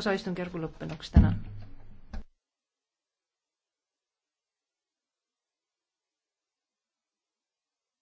osa istungjärgu lõppenuks, tänan.